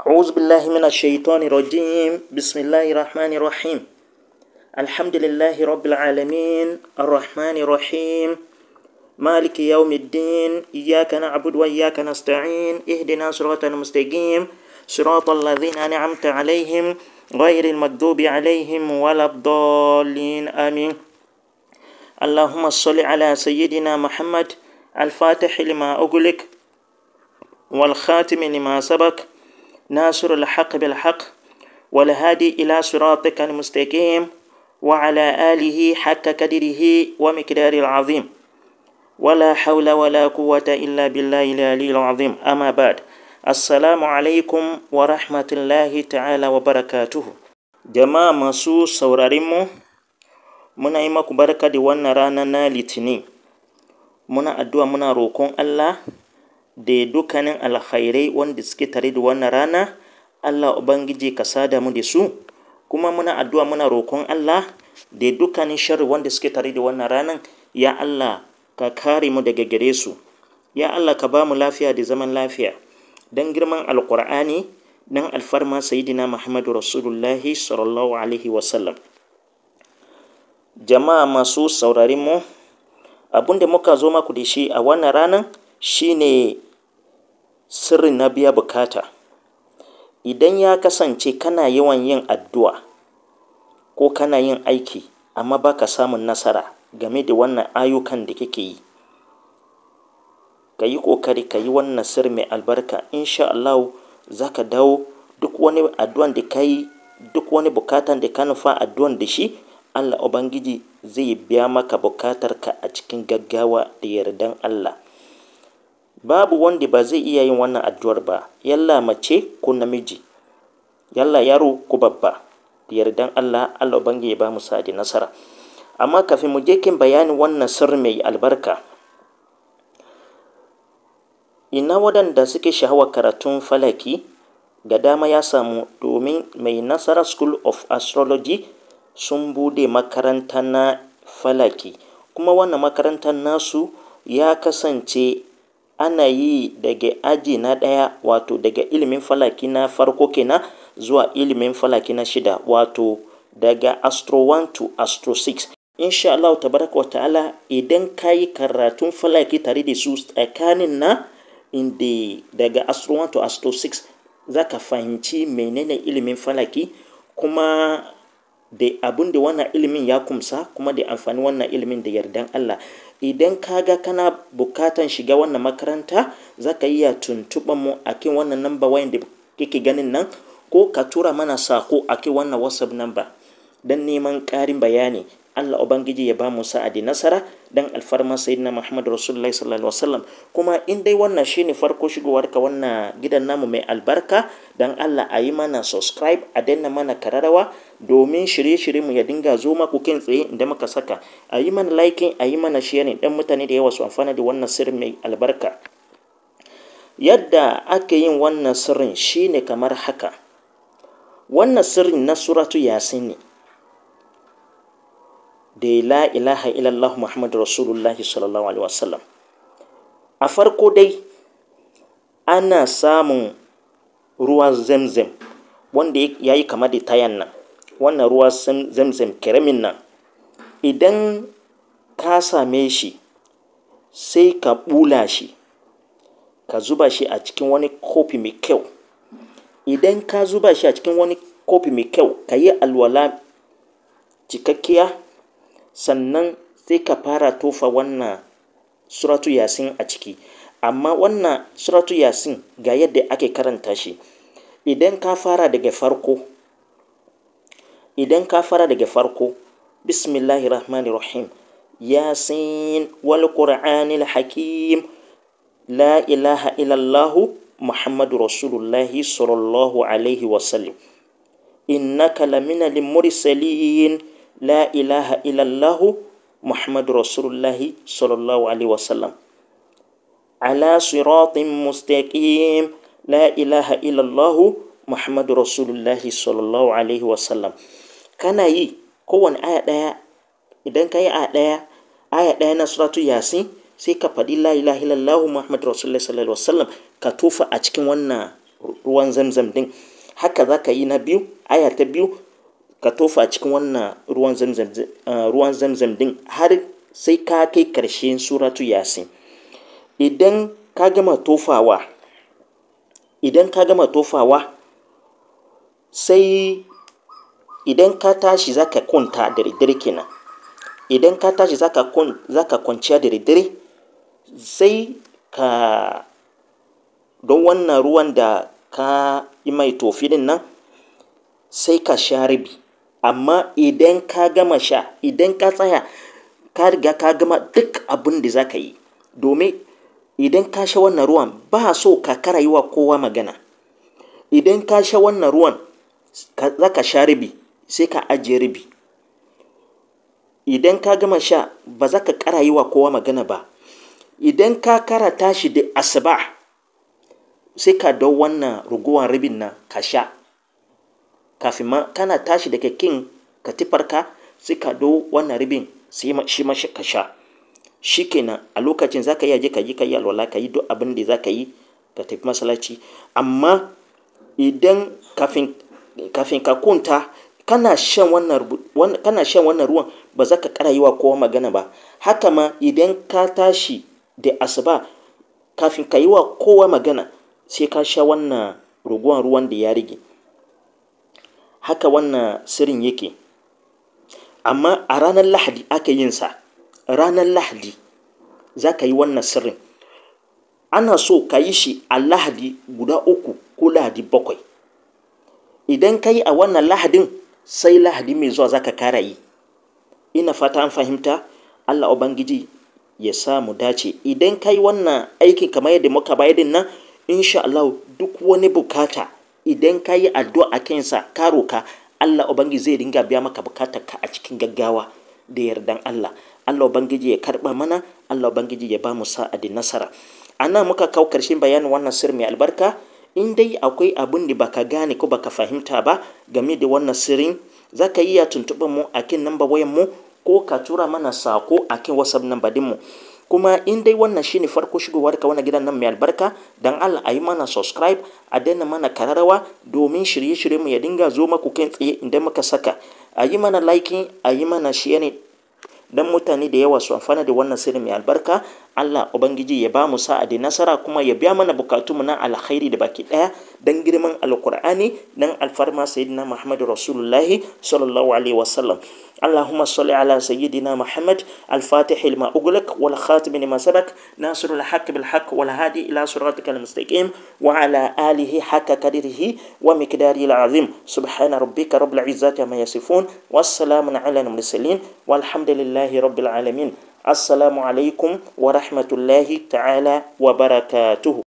أعوذ بالله من الشيطان الرجيم بسم الله الرحمن الرحيم الحمد لله رب العالمين الرحمن الرحيم مالك يوم الدين إياك نعبد وإياك نستعين اهدنا صراط المستقيم صراط الذين أنعمت عليهم غير المكذوب عليهم ولا الضالين آمين اللهم صل على سيدنا محمد الفاتح لما أغلق والخاتم لما سبق ناصر الحق بالحق والهادي إلى صراطك المستقيم وعلى آله حق قدره ومقدار العظيم ولا حول ولا قوة إلا بالله العلي العظيم أما بعد السلام عليكم ورحمة الله تعالى وبركاته جماعة مسو saurarinmu منا yi كبركة دوان da نالتني منا أدوى منا روكون الله da dukkanin alkhairai wanda suke tare da wannan rana Allah ubangiji ka sada mu da su kuma muna addu'a muna roƙon Allah da dukkanin sharri wanda suke tare da wannan ranar? ya Allah ka kare mu daga gare su ya Allah ka ba mu lafiya da zaman lafiya dan girman alqur'ani dan alfarma sayyidina Muhammadu Rasulullahi sallallahu alaihi wasallam jama'a masu saurarin mu abinda muka zo maku da shi a wannan ranan shine Sirri na biya bukata idan ya kasance kana yawan yin addu'a ko kana yin aiki amma ba ka samun nasara game da wannan ayyukan da kake yi ka yi ƙoƙari ka yi wannan sirri mai albarka insha Allah za ka dawo duk wani addu'an da ka yi duk wani bukatan da ka nufa addu'an da shi Allah Ubangiji zai biya maka bukatarka a cikin gaggawa da yardan Allah. babu wanda ba zai iya yin wannan addu'ar ba yalla mace ko namiji yalla yaro ko babba da yardan Allah Allah bangi ba mu sadi nasara amma kafin mu je kin bayani wannan sirri mai albarka ina waɗanda suke shahawa karatun falaki ga dama ya samu domin mai nasara school of astrology sun bude makaranta na falaki kuma wannan makarantar nasu ya kasance ana yi daga aji na ɗaya wato daga ilimin falaki na farko kenan zuwa ilimin falaki na shida wato daga astro 1 to astro 6 insha Allah tabaraka ta'ala idan ka yi karatun falaki tare da su tsakanin na inda daga astro 1 to astro 6 za ka fahimci menene ilimin falaki kuma da abin da wannan ilimin ya kumsa kuma da amfani wannan ilimin da yardan Allah idan ka ga kana bukatan shiga wannan makaranta za ka iya tuntuban mu a kin wannan namba wayan da kake ganin nan ko ka tura mana sako a kin wannan whatsapp namba don neman ƙarin bayani Allah ubangiji ya ba mu sa'adi nasara dan alfarma sayyidina Muhammad Rasulullahi sallallahu alaihi wasallam kuma in dai wannan shine farko shigowar ka wannan gidan namu mai albarka dan Allah a yi mana subscribe a danna mana kararawa domin shirye-shirye mu ya dinga zo maku kin tsaye inda muka saka a yi mana liking a yi mana sharing dan mutane da yawa su amfana da wannan sirri mai albarka yadda ake yin wannan sirrin shine kamar haka wannan sirrin na suratu yasin ne da ya la ilaha illallah muhammadu rasulullahi sallallahu alaihi wasallam a farko dai ana samun ruwan zamzam wanda ya yi kama da tayan nan wannan ruwa zamzam kiramin nan idan ka same shi sai ka bula shi ka zuba shi a cikin wani kofi mai kyau idan ka zuba shi a cikin wani kofi mai kyau ka yi alwala cikakkiya sannan sai ka fara tofa wannan suratu yasin a ciki amma wannan suratu yasin ga yadda ake karanta shi idan ka fara daga farko idan ka fara daga farko bismillahir rahmanir rahim yasin wal qur'anil hakim la ilaha illallah muhammadu rasulullah sallallahu alaihi wasallam innaka laminal mursalin la ilaha illallahu muhammadu rasulullahi sallallahu alaihi wasallam ala siratin mustaqim la ilaha illallahu muhammadu rasulullahi sallallahu alaihi wasallam kana yi kowane aya ɗaya idan ka yi a ɗaya aya ɗaya na suratu yasin sai ka faɗi la ilaha illallahu muhammadu rasulullahi sallallahu alaihi wasallam ka tufa a cikin wannan ruwan zamzam din haka za ka yi na biyu aya ta biyu ka tofa cikin wannan ruwan zamzam eh, ruwan zamzam din har sai ka kai karshen suratu yasin idan ka gama tofawa idan ka gama tofawa sai idan ka tashi zaka kwanta da daddare kenan idan ka tashi zaka kun zaka kwanciya da daddare sai ka don wannan ruwan da ka yi mai tofi din nan sai ka sha rabi amma idan ka gama sha idan ka tsaya ka riga ka gama duk abin da za ka yi domin idan ka sha wannan ruwan ba so ka kara yi wa kowa magana idan ka sha wannan ruwan za ka sha ribi sai ka ajiye ribi idan ka gama sha ba za ka kara yi wa kowa magana ba idan ka kara tashi da asuba sai ka don wannan ruguwan ribin nan ka sha kafin ma kana tashi daga kin katifarka sai ka do wannan ribin sai shi ma ka sha shi kenan a lokacin za ka yi ka yi ka yi alwala ka yi duk abin da za ka yi ka tafi masalaci? amma idan kafin ka kunta kana shan wannan ruwan ba za ka kara yi wa kowa magana ba haka ma idan ka tashi da asuba kafin ka yi wa kowa magana sai ka sha wannan ruguwan ruwan da ya rige haka wannan sirin yake amma a ranar lahadi aka yin sa ranar lahadi za ka yi wannan sirrin ana so ka yi shi a lahadi guda uku ko lahadi bakwai idan ka yi a wannan lahadin sai lahadi mai zuwa za ka kara yi ina fata an fahimta allah ubangiji ya sa mu dace idan ka yi wannan aikin kamar yadda muka bayar nan insha allah duk wani bukata idan ka yi addu'a a kansa ka roka Allah Ubangiji zai dinga biya maka bukatar ka a cikin gaggawa da yardan Allah Allah Ubangiji ya karɓa mana Allah Ubangiji ya ba mu sa'ad da nasara ana muka kawo ƙarshen bayanin wannan sir mai albarka in dai akwai abin da baka gane ko baka fahimta ba game da wannan sirrin za ka iya tuntuɓa mu a kan namba wayan mu ko ka tura mana sako a kin whatsapp din mu. kuma in dai wannan shine farko shigowar ka wannan gidan nan mai albarka dan Allah a yi mana subscribe a daina mana kararrawa domin shirye-shirye mu ya dinga zo maku kai tsaye inda muka saka a yi mana liking a yi mana sharing dan mutane da yawa su amfana da wannan shirin mai albarka Allah Ubangiji ya ba mu sa'a da nasara kuma ya biya mana bukatunmu na alkhairi da baki ɗaya don girman alkur'ani don alfarma sayyidina Muhammadu Rasulullahi sallallahu alaihi wasallam. اللهم صل على سيدنا محمد الفاتح لما أغلق والخاتم لما سبق ناصر الحق بالحق والهادي إلى صراطك المستقيم وعلى آله حق قدره ومقداره العظيم سبحان ربك رب العزة ما يصفون والسلام على المرسلين والحمد لله رب العالمين السلام عليكم ورحمة الله تعالى وبركاته